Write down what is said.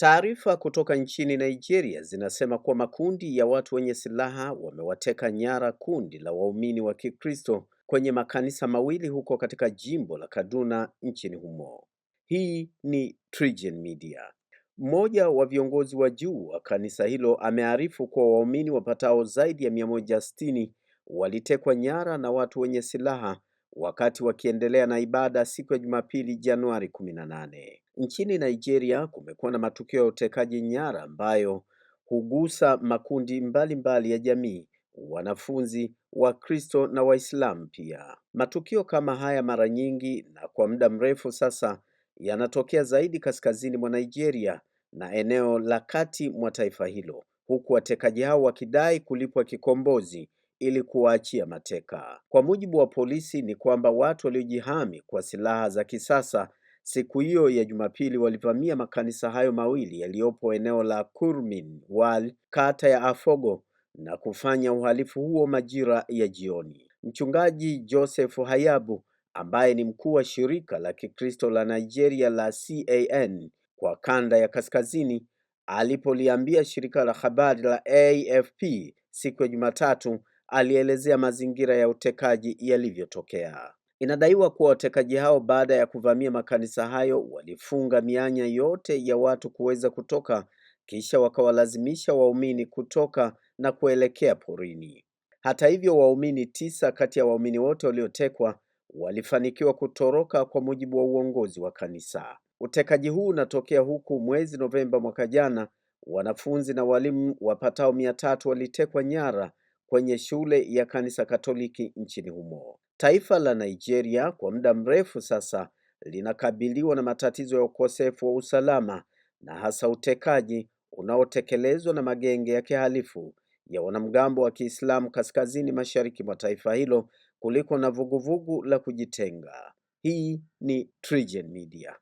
Taarifa kutoka nchini Nigeria zinasema kuwa makundi ya watu wenye silaha wamewateka nyara kundi la waumini wa Kikristo kwenye makanisa mawili huko katika jimbo la Kaduna nchini humo. Hii ni TriGen Media. Mmoja wa viongozi wa juu wa kanisa hilo amearifu kuwa waumini wapatao zaidi ya 160 walitekwa nyara na watu wenye silaha wakati wakiendelea na ibada siku ya Jumapili Januari 18. Nchini Nigeria kumekuwa na matukio ya utekaji nyara ambayo hugusa makundi mbalimbali mbali ya jamii, wanafunzi, Wakristo na Waislamu pia. Matukio kama haya mara nyingi na kwa muda mrefu sasa yanatokea zaidi kaskazini mwa Nigeria na eneo la kati mwa taifa hilo, huku watekaji hao wakidai kulipwa kikombozi ili kuwaachia mateka. Kwa mujibu wa polisi, ni kwamba watu waliojihami kwa silaha za kisasa Siku hiyo ya Jumapili walivamia makanisa hayo mawili yaliyopo eneo la Kurmin Wal, kata ya Afogo na kufanya uhalifu huo majira ya jioni. Mchungaji Joseph Hayabu ambaye ni mkuu wa shirika la Kikristo la Nigeria la CAN kwa kanda ya kaskazini alipoliambia shirika la habari la AFP siku ya Jumatatu alielezea mazingira ya utekaji yalivyotokea. Inadaiwa kuwa watekaji hao baada ya kuvamia makanisa hayo walifunga mianya yote ya watu kuweza kutoka, kisha wakawalazimisha waumini kutoka na kuelekea porini. Hata hivyo, waumini tisa kati ya waumini wote waliotekwa walifanikiwa kutoroka kwa mujibu wa uongozi wa kanisa. Utekaji huu unatokea huku mwezi Novemba mwaka jana wanafunzi na walimu wapatao mia tatu walitekwa nyara kwenye shule ya kanisa Katoliki nchini humo. Taifa la Nigeria kwa muda mrefu sasa linakabiliwa na matatizo ya ukosefu wa usalama na hasa utekaji unaotekelezwa na magenge ya kihalifu ya wanamgambo wa Kiislamu kaskazini mashariki mwa taifa hilo kuliko na vuguvugu la kujitenga. Hii ni TriGen Media.